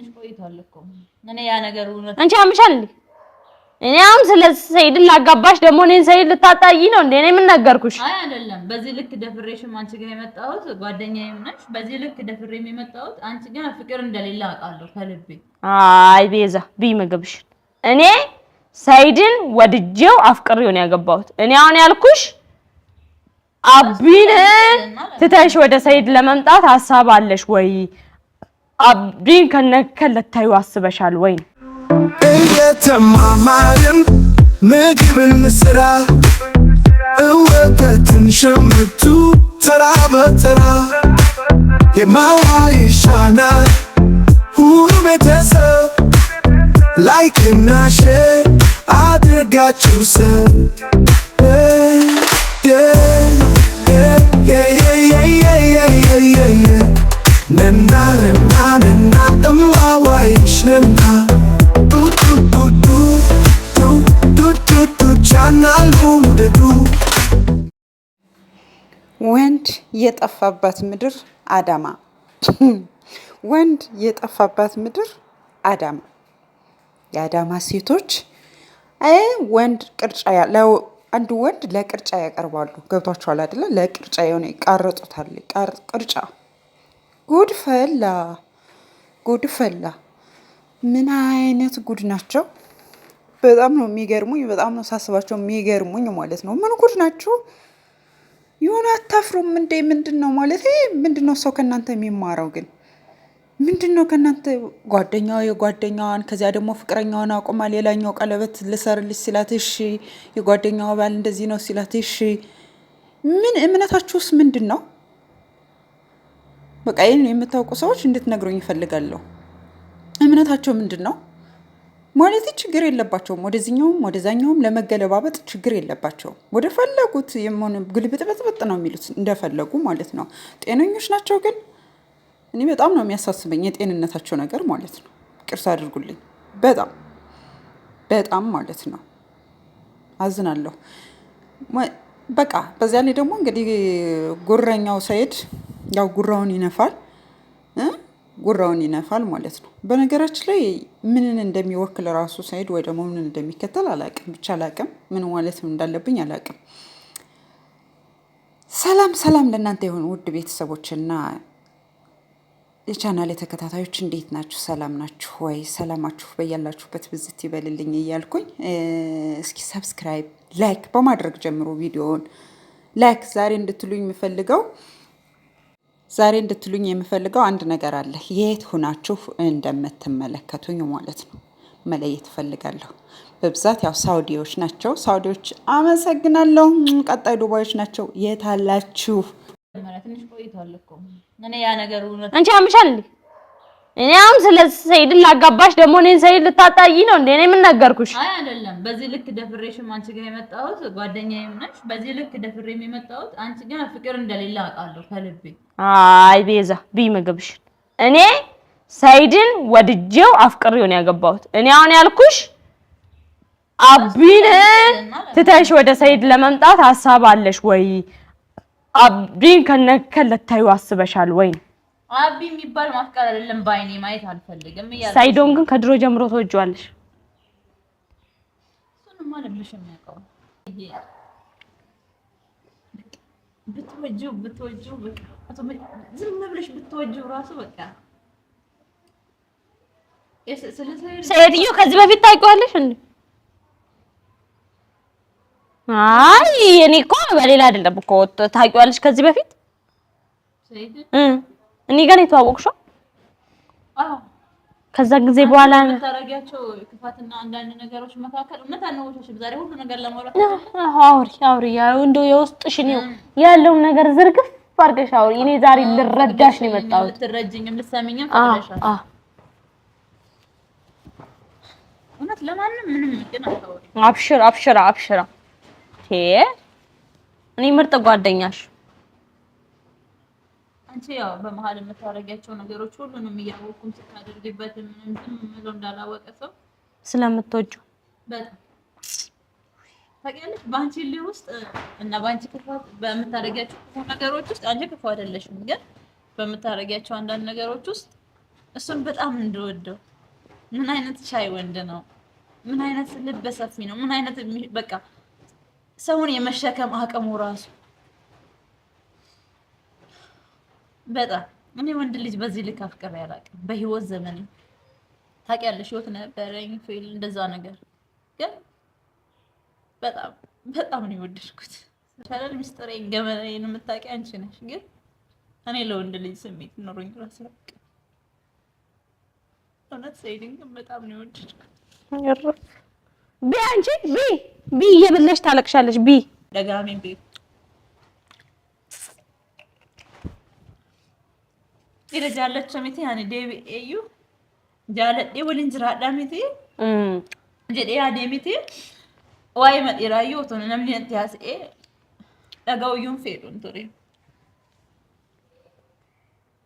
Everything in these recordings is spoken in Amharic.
ትንሽ ቆይቷል እኮ እኔ ያ ነገር እውነት አንቺ አምሻል። እኔ አሁን ስለ ሰይድን ላጋባሽ ደግሞ እኔን ሰይድ ልታጣይ ነው እንዴ? እኔ ምን ነገርኩሽ? አይ አይደለም። በዚህ ልክ ደፍሬሽም አንቺ ግን የመጣሁት ጓደኛዬም ነሽ። በዚህ ልክ ደፍሬም የመጣሁት አንቺ ግን ፍቅር እንደሌለ አውቃለሁ ከልቤ። አይ ቤዛ ብይ መገብሽ እኔ ሰይድን ወድጄው አፍቅሬው ነው ያገባሁት። እኔ አሁን ያልኩሽ አቢን ትተሽ ወደ ሰይድ ለመምጣት ሀሳብ አለሽ ወይ አብዲን ከነከን ልታዩ አስበሻል ወይ? እየተማማርን ምግብን ስራ እወተትን ሸምቱ ተራ በተራ የማዋ ይሻናል ሁሉ ቤተሰብ ላይክና ሼ አድርጋችሁ ሰብ መናረም ሸንታ ወንድ የጠፋባት ምድር አዳማ ወንድ የጠፋባት ምድር አዳማ የአዳማ ሴቶች አይ ወንድ ቅርጫ አንድ ወንድ ለቅርጫ ያቀርባሉ። ገብቷችኋል አይደለ? ለቅርጫ የሆነ ይቃረጡታል። ቅርጫ ጉድፈላ ጉድፈላ ምን አይነት ጉድ ናቸው? በጣም ነው የሚገርሙኝ። በጣም ነው ሳስባቸው የሚገርሙኝ ማለት ነው። ምን ጉድ ናቸው? የሆነ አታፍሩም እንዴ? ምንድን ነው ማለት ምንድን ነው ሰው ከእናንተ የሚማረው ግን ምንድን ነው ከእናንተ ጓደኛዋ የጓደኛዋን ከዚያ ደግሞ ፍቅረኛዋን አቁማ ሌላኛው ቀለበት ልሰርልሽ ሲላት እሺ፣ የጓደኛዋ ባል እንደዚህ ነው ሲላት እሺ። ምን እምነታችሁስ ምንድን ነው? በቃ ይህን የምታውቁ ሰዎች እንድትነግሩኝ ይፈልጋለሁ። እምነታቸው ምንድን ነው ማለት ችግር የለባቸውም። ወደዚኛውም ወደዛኛውም ለመገለባበጥ ችግር የለባቸውም። ወደ ፈለጉት የሆነ ግልብጥብጥብጥ ነው የሚሉት እንደፈለጉ ማለት ነው። ጤነኞች ናቸው ግን እኔ በጣም ነው የሚያሳስበኝ የጤንነታቸው ነገር ማለት ነው። ቅርስ አድርጉልኝ። በጣም በጣም ማለት ነው አዝናለሁ። በቃ በዚያ ላይ ደግሞ እንግዲህ ጉረኛው ሰይድ ያው ጉራውን ይነፋል። ጉራውን ይነፋል ማለት ነው። በነገራችን ላይ ምንን እንደሚወክል ራሱ ሳይድ ወይ ደግሞ ምንን እንደሚከተል አላቅም፣ ብቻ አላቅም፣ ምን ማለት እንዳለብኝ አላቅም። ሰላም ሰላም ለእናንተ የሆኑ ውድ ቤተሰቦችና የቻናል ተከታታዮች እንዴት ናችሁ? ሰላም ናችሁ ወይ? ሰላማችሁ በያላችሁበት ብዝት ይበልልኝ እያልኩኝ እስኪ ሰብስክራይብ፣ ላይክ በማድረግ ጀምሮ ቪዲዮውን ላይክ ዛሬ እንድትሉኝ የምፈልገው ዛሬ እንድትሉኝ የምፈልገው አንድ ነገር አለ። የት ሁናችሁ እንደምትመለከቱኝ ማለት ነው መለየት እፈልጋለሁ። በብዛት ያው ሳውዲዎች ናቸው። ሳውዲዎች አመሰግናለሁ። ቀጣይ ዱባዮች ናቸው። የት አላችሁ? አንቺ ያምሻል እኔ አሁን ስለ ሰይድ ላጋባሽ ደግሞ እኔን ሰይድ ልታጣይ ነው እንዴ? እኔ ምን ነገርኩሽ? አይ አይደለም። በዚህ ልክ ደፍሬሽም አንቺ ጋር የመጣሁት ጓደኛዬ ነሽ። በዚህ ልክ ደፍሬ የመጣሁት አንቺ ጋር ፍቅር እንደሌለ አውቃለሁ ከልቤ። አይ ቤዛ ቢ ምግብሽን። እኔ ሰይድን ወድጄው አፍቅሬው ነው ያገባሁት። እኔ አሁን ያልኩሽ አቢን ትተሽ ወደ ሰይድ ለመምጣት ሀሳብ አለሽ ወይ? አቢን ከነከለታዩ አስበሻል ወይ ነው አቢ የሚባል ማፍቀር አይደለም፣ ባይኔ ማየት አልፈልግም። ሳይዶን ግን ከድሮ ጀምሮ ተወጇለሽ። እሱንማ ልብሽ የሚያውቀው ብትወጂው ብትወጂው ዝም ብለሽ ብትወጁ ራሱ በቃ ሰይድዮ ከዚህ በፊት ታውቂዋለሽ እንዴ? አይ እኔ እኮ በሌላ አይደለም እኮ ታውቂዋለሽ ከዚህ በፊት እኔ ጋር የተዋወቅሽው? አዎ። ከዛ ጊዜ በኋላ ታረጋቸው ክፋትና አንዳንድ ነገሮች መካከል እውነት አነወሻሽም። ዛሬ ሁሉ ነገር ለማውራት አውሪ አውሪ፣ ያው እንደው የውስጥሽን ያለውን ነገር ዝርግፍ አድርገሽ አውሪ። እኔ ዛሬ ልረዳሽ ነው የመጣሁት። ልትረጂኝም ልትሰሚኝም ትረዳሻለሽ። አዎ። እውነት ለማንም ምንም ግን አታውሪ። አብሽራ አብሽራ አብሽራ። እኔ ምርጥ ጓደኛሽ አንቺ ያው በመሀል የምታደርጊያቸው ነገሮች ሁሉንም እያወቅኩም ስታደርጊበት ምንም ዝም ምለው እንዳላወቀ ሰው ስለምትወጁ በጣም ታውቂያለሽ። በአንቺ ልህ ውስጥ እና በአንቺ ክፋት በምታደርጊያቸው ክፉ ነገሮች ውስጥ አንቺ ክፉ አይደለሽም፣ ግን በምታደርጊያቸው አንዳንድ ነገሮች ውስጥ እሱን በጣም እንደወደው ምን አይነት ሻይ ወንድ ነው? ምን አይነት ልበ ሰፊ ነው? ምን አይነት በቃ ሰውን የመሸከም አቅሙ ራሱ በጣም እኔ ወንድ ልጅ በዚህ ልክ አፍቅሬ አላውቅም በህይወት ዘመን። ታውቂያለሽ፣ ህይወት ነበረኝ ፊል እንደዛ ነገር ግን በጣም በጣም ነው የወደድኩት። ቻለል ሚስጥሬን ገመናዬን የምታውቂ አንቺ ነሽ። ግን እኔ ለወንድ ልጅ ስሜት ኖሮኝ ራስ ላቅ እውነት ሰይድን ግን በጣም ነው የወደድኩት። ቢ አንቺ ቢ ቢ እየብለሽ ታለቅሻለሽ ቢ ደጋሚ ቤት Dhiira jaallacha miti ani deebi'eeyyuu jaaladhee waliin jiraadhaa miti jedhee yaadee miti waa'ee madheeraayyuu otoo namni fair untuk dhaga'uyyuu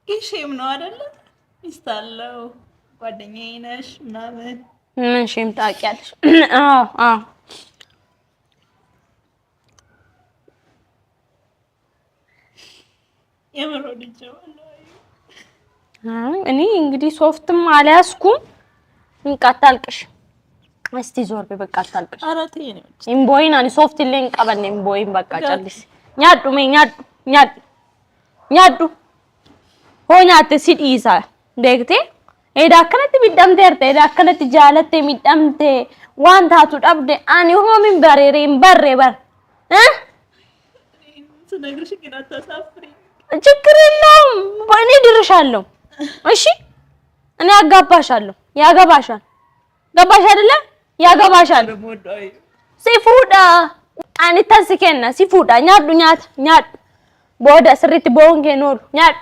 Kisah yang mana ada ነው አይደለ? ሚስት አለው ጓደኛዬ nama. ምናምን sih tak kiat. Ah ah. የምሮ ልጅ ነው እኔ እንግዲህ ሶፍትም አልያዝኩም። በቃ አታልቅሽ፣ እስቲ ዞር በይ፣ በቃ አታልቅሽ። እምቦይን አኒ ሶፍት ሌን ቀበል እምቦይን በቃ ጨልስ ኛዱ ሜ ኛዱ ኛዱ ኛዱ ሆኛ አት ሆኛተ ሲዲሳ ደግቴ ኤዳ ከነት ሚዳምቴ ተርተ ኤዳ ከነት ጃለተ ጃለቴ ተ ዋን ታቱ ዳብዴ አኒ ሆሚን በሬሬን በሬ በር እ ችግር የለውም እኔ ድርሻለሁ እሺ እኔ አጋባሻለሁ። ያገባሻል። ገባሽ አይደለ? ያገባሻል። ሲፉዳ አንተን ተስከና ሲፉዳ ኛዱ ኛት ኛድ ቦደ ስሪት ቦንጌ ኖር ኛድ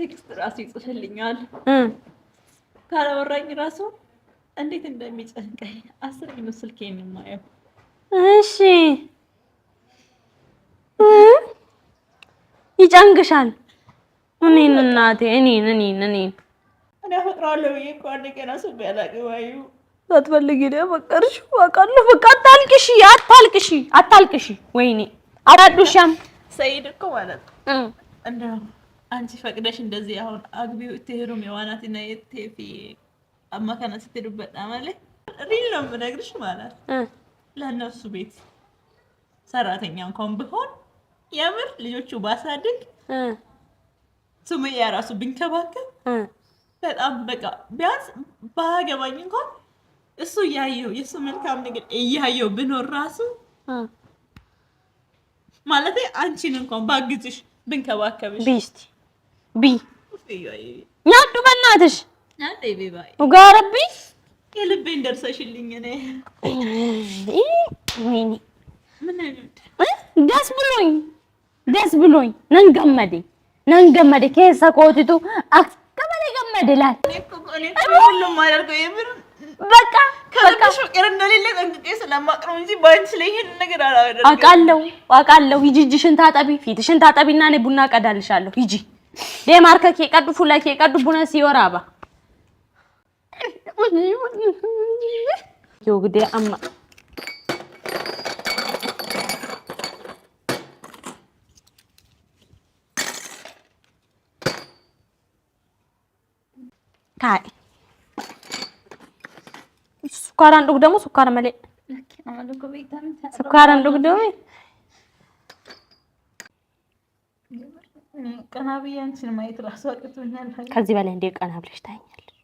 ቴክስት ራሱ ይጽፍልኛል። ካላወራኝ ራሱ እንዴት እንደሚጨንቀኝ አስር ነው የማየው። እሺ ይጨንግሻል እኔን እናቴ እኔን እኔን እኔን እኔ አፈቅረዋለሁ ብዬ እኮ አንድ ቀን አስቤ አላውቅም። አዩ ሳትፈልጊ ነው በቀርሽ አውቃለሁ። በቃ አታልቅሺ፣ አታልቅሺ፣ አታልቅሺ። ወይኔ አራዱሻም ሰይድ እኮ ማለት ነው እንደው አንቺ ፈቅደሽ እንደዚህ አሁን አግቢው ትሄዱም የዋናት እና የቴፊ አማካና ስትሄዱበት ሪል ነው የምነግርሽ ማለት ለእነሱ ቤት ሰራተኛ እንኳን ብሆን የምር ልጆቹ ባሳድግ ሱመያ ራሱ ብንከባከብ በጣም በቃ ቢያንስ ባገባኝ እንኳን እሱ እያየው የእሱ መልካም ነገር እያየው ብኖር ራሱ ማለት አንቺን እንኳን ባግዝሽ ብንከባከብሽ ቢስቲ ቢ ያዱ በእናትሽ ጋረቢ የልቤን ደርሰሽልኝ ደስ ብሎኝ ደስ ብሎኝ ነንገመዴ ነን ገመድ ኬሳ ቆቲቱ አከበለ ላል በቃ ከልብሽ ፍቅር እንደሌለ ጠንቅቄ ስለማቅ ነው እንጂ በአንቺ ላይ ነገር አላደርግም። አውቃለሁ አውቃለሁ። ሂጂ እጅሽን ታጠቢ፣ ፊትሽን እኔ ቡና ቀዳልሻለሁ። ሂጂ ዴማርከ ኬቀዱ ኬቀዱ አማ ታይ ስኳር አንዱግ ደግሞ ሱካር መሌ ሱካር አንዱግ ደግሞ ከዚህ በላይ እንዴ ቀና ብለሽ ታኛለሽ።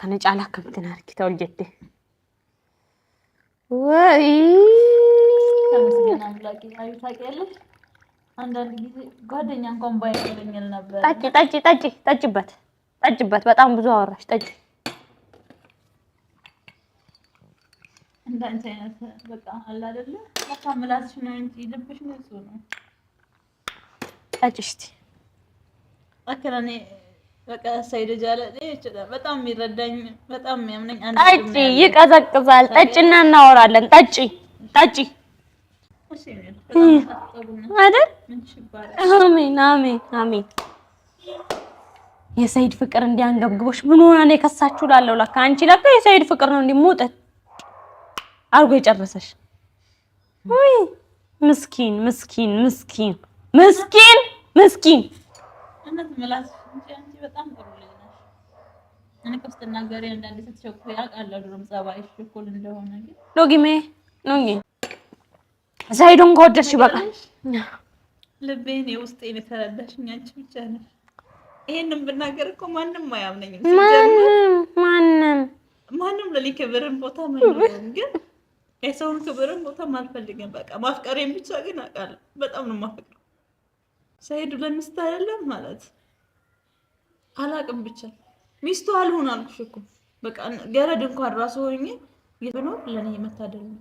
ከነጫላ ከምትን አርኪ ተወልጀት ወይ አንዳንድ ጊዜ ጓደኛ እንኳን ባይኖረኝ ነበር ጠጪ ጠጪ ጠጪ ጠጪበት ጠጅበት። በጣም ብዙ አወራሽ። ጠጅ እንዳንቺ አይነት በቃ አለ አይደለ? በቃ ምላስሽ ነው እንጂ ልብሽ ነው። ጠጅ አከራኔ በቃ ጃለ በጣም የሚረዳኝ በጣም የሚያምነኝ አንድ ጠጪ፣ ይቀዘቅዛል። ጠጪና እናወራለን። ጠጪ ጠጪ አይደል? አሜን አሜን አሜን። የሰይድ ፍቅር እንዲያንገብግቦች ምን ሆነ ነው የከሳችሁ? ላለው ለካ አንቺ ለካ የሰይድ ፍቅር ነው እንዲሞጥ አርጎ የጨረሰሽ። ውይ ምስኪን ምስኪን ምስኪን ምስኪን ምስኪን ሎጊሜ ሎጊ ሰይዱን ከወደድሽ ይበቃል። ልቤን የውስጤን የተረዳሽኝ አንቺ ብቻ ነሽ። ይሄንን ብናገር እኮ ማንም አያምነኝም። ማንም ማንም ማንም ለኔ ክብርን ቦታ ምንም ግን የሰውን ክብርን ቦታ አልፈልግም። በቃ ማፍቀሬን የሚቻ ግን አውቃለሁ። በጣም ነው የማፈቅረው። ሰይድ ለሚስት አይደለም ማለት አላቅም። ብቻ ሚስቱ አልሆን አልኩሽ እኮ በቃ ገረድ እንኳን ራሱ ሆኜ ይብኖር ለኔ የመታደል ነው።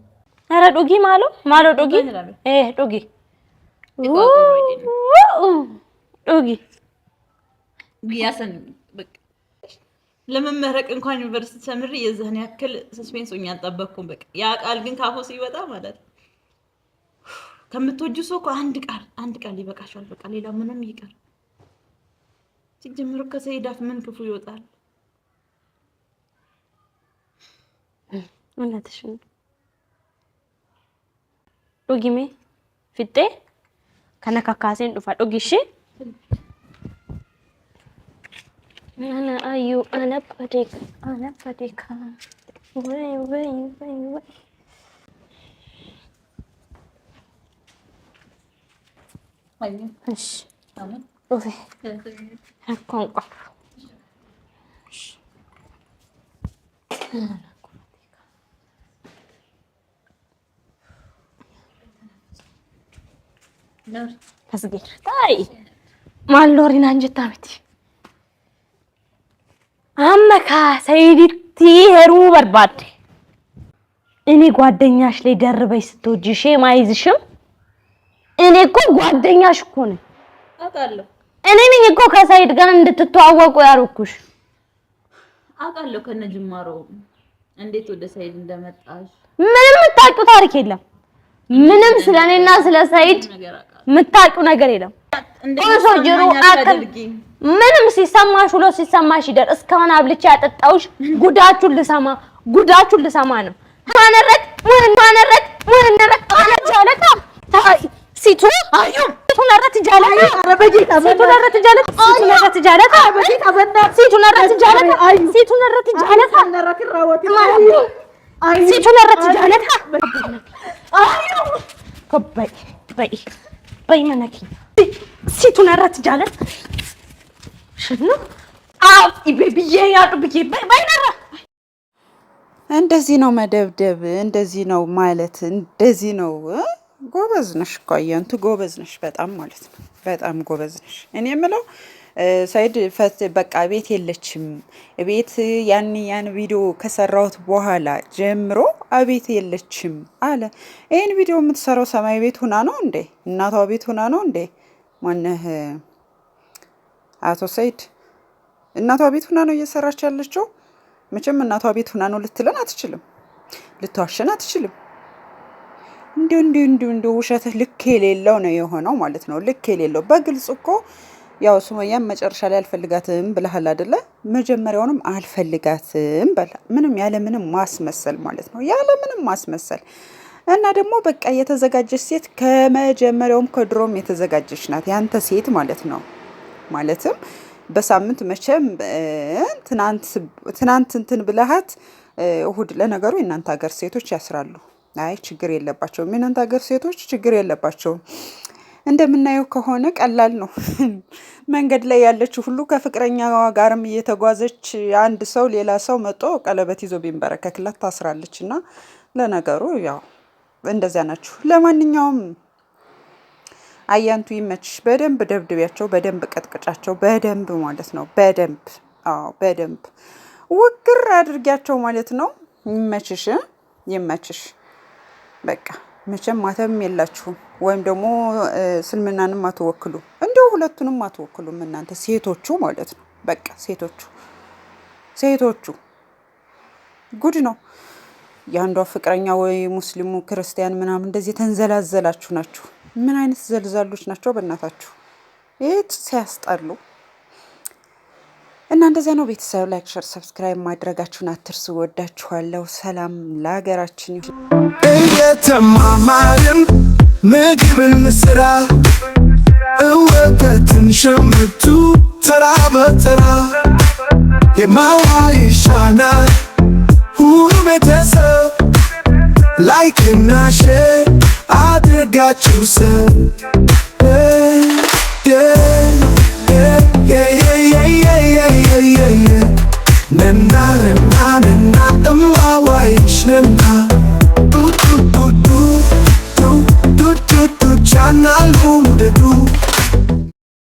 አረ ዶጊ ማሎ ማሎ ዶጊ ዶጊ ዶጊ ያሰን በቃ ለመመረቅ እንኳን ዩኒቨርሲቲ ሰምሪ የዚህን ያክል ሰስፔንስ ሆኜ አልጠበቅኩም። በቃ ያ ቃል ግን ካፎ ሲወጣ ማለት ነው። ከምትወጁ ሰው እኮ አንድ ቃል አንድ ቃል ይበቃሻል። በቃ ሌላ ምንም ይቀር ሲጀምሩ ከሰይድ አፍ ምን ክፉ ይወጣል? እውነትሽን ዱጊሜ ፊጤ ከነካካሴን ዱፋ ዱጊሺ አነ አዩ አነበዴክ አነበዴክ ወይ ወይ ወይ ወይ ማን ሎሪን አንጀታ ቤት አመካ ሰይዲቲ ሄሩ በርባዴ እኔ ጓደኛሽ ላይ ደርበሽ ስትወጂ ሼም አይዝሽም? እኔ እኮ ጓደኛሽ እኮ ነኝ። አውቃለሁ። እኔ ነኝ እኮ ከሰይድ ጋር እንድትተዋወቁ ያልኩሽ። አውቃለሁ ከነጅማሮ እንዴት ወደ ሰይድ እንደመጣሽ። ምንም የምታውቂው ታሪክ የለም። ምንም ስለኔና ስለ ሰይድ የምታውቂው ነገር የለም። ጆሮ ምንም ሲሰማሽ ውሎ ሲሰማሽ ይደር። እስካሁን አብልቼ ያጠጣሁሽ ጉዳችሁን ልሰማ ጉዳችሁን ልሰማ ነው። ታነረቅ ምን ታነረቅ ምን ነረቅ ታነረቅ ሲቱ አዩ ሲቱ ነረት ጃለታ ሲቱ ነረት ጃለታ ሲቱ ነረት ጃለታ ሲቱ ነረት ጃለታ ሲቱ ነረት ጃለታ ሲቱ ነረት ጃለታ አዩ ከበይ በይ በይ መነኪ ሲቱ ነረት ጃለታ እንደዚህ ነው መደብደብ፣ እንደዚህ ነው ማለት፣ እንደዚህ ነው። ጎበዝ ነሽ እኮ አየንቱ ጎበዝ ነሽ በጣም ማለት ነው። በጣም ጎበዝ ነሽ። እኔ የምለው ሳይድ ፈት በቃ ቤት የለችም ቤት ያን ያን ቪዲዮ ከሰራሁት በኋላ ጀምሮ አቤት የለችም አለ። ይህን ቪዲዮ የምትሰራው ሰማይ ቤት ሁና ነው እንዴ? እናቷ ቤት ሁና ነው እንዴ? ማነህ አቶ ሰይድ እናቷ ቤት ሁና ነው እየሰራች ያለችው። መቼም እናቷ ቤት ሁና ነው ልትለን አትችልም፣ ልትዋሸን አትችልም። እንዲሁ እንዲሁ እንዲሁ እንዲሁ ውሸትህ ልክ የሌለው ነው የሆነው ማለት ነው። ልክ የሌለው በግልጽ እኮ ያው ሱመያን መጨረሻ ላይ አልፈልጋትም ብለሃል አይደለ? መጀመሪያውንም አልፈልጋትም በላ። ምንም ያለ ምንም ማስመሰል ማለት ነው፣ ያለ ምንም ማስመሰል እና ደግሞ በቃ የተዘጋጀች ሴት ከመጀመሪያውም ከድሮም የተዘጋጀች ናት ያንተ ሴት ማለት ነው። ማለትም በሳምንት መቼም ትናንት እንትን ብልሃት እሁድ ለነገሩ የእናንተ ሀገር ሴቶች ያስራሉ። አይ ችግር የለባቸውም። የእናንተ ሀገር ሴቶች ችግር የለባቸውም። እንደምናየው ከሆነ ቀላል ነው። መንገድ ላይ ያለችው ሁሉ ከፍቅረኛዋ ጋርም እየተጓዘች አንድ ሰው ሌላ ሰው መጦ ቀለበት ይዞ ቢንበረከክላት ታስራለች። እና ለነገሩ ያው እንደዚያ ናችሁ። ለማንኛውም አያንቱ ይመችሽ። በደንብ ደብድቢያቸው፣ በደንብ ቀጥቅጫቸው፣ በደንብ ማለት ነው። በደንብ አዎ፣ በደንብ ውግር አድርጊያቸው ማለት ነው። ይመችሽ፣ ይመችሽ። በቃ መቼም ማተም የላችሁም፣ ወይም ደግሞ ስልምናንም አትወክሉ፣ እንዲሁ ሁለቱንም አትወክሉም እናንተ ሴቶቹ ማለት ነው። በቃ ሴቶቹ ሴቶቹ ጉድ ነው። የአንዷ ፍቅረኛ ወይ ሙስሊሙ ክርስቲያን ምናምን እንደዚህ የተንዘላዘላችሁ ናችሁ። ምን አይነት ዘልዛሎች ናቸው በእናታችሁ! ይህ ሲያስጠሉ እና እንደዚያ ነው። ቤተሰብ ላይክ፣ ሸር፣ ሰብስክራይብ ማድረጋችሁን አትርሱ። ወዳችኋለሁ። ሰላም ለሀገራችን ይሁን። እየተማማርን ምግብን ስራ እወተትን ሸምቱ ተራ በተራ የማዋ ይሻናል ሁሉ ቤተሰብ ላይክ ሼር got you, son. Yeah, yeah, yeah, yeah, yeah, yeah, yeah, yeah, yeah, yeah. Nena, nena, nena, tamlawa ich nena. Du, du, jana lunde du.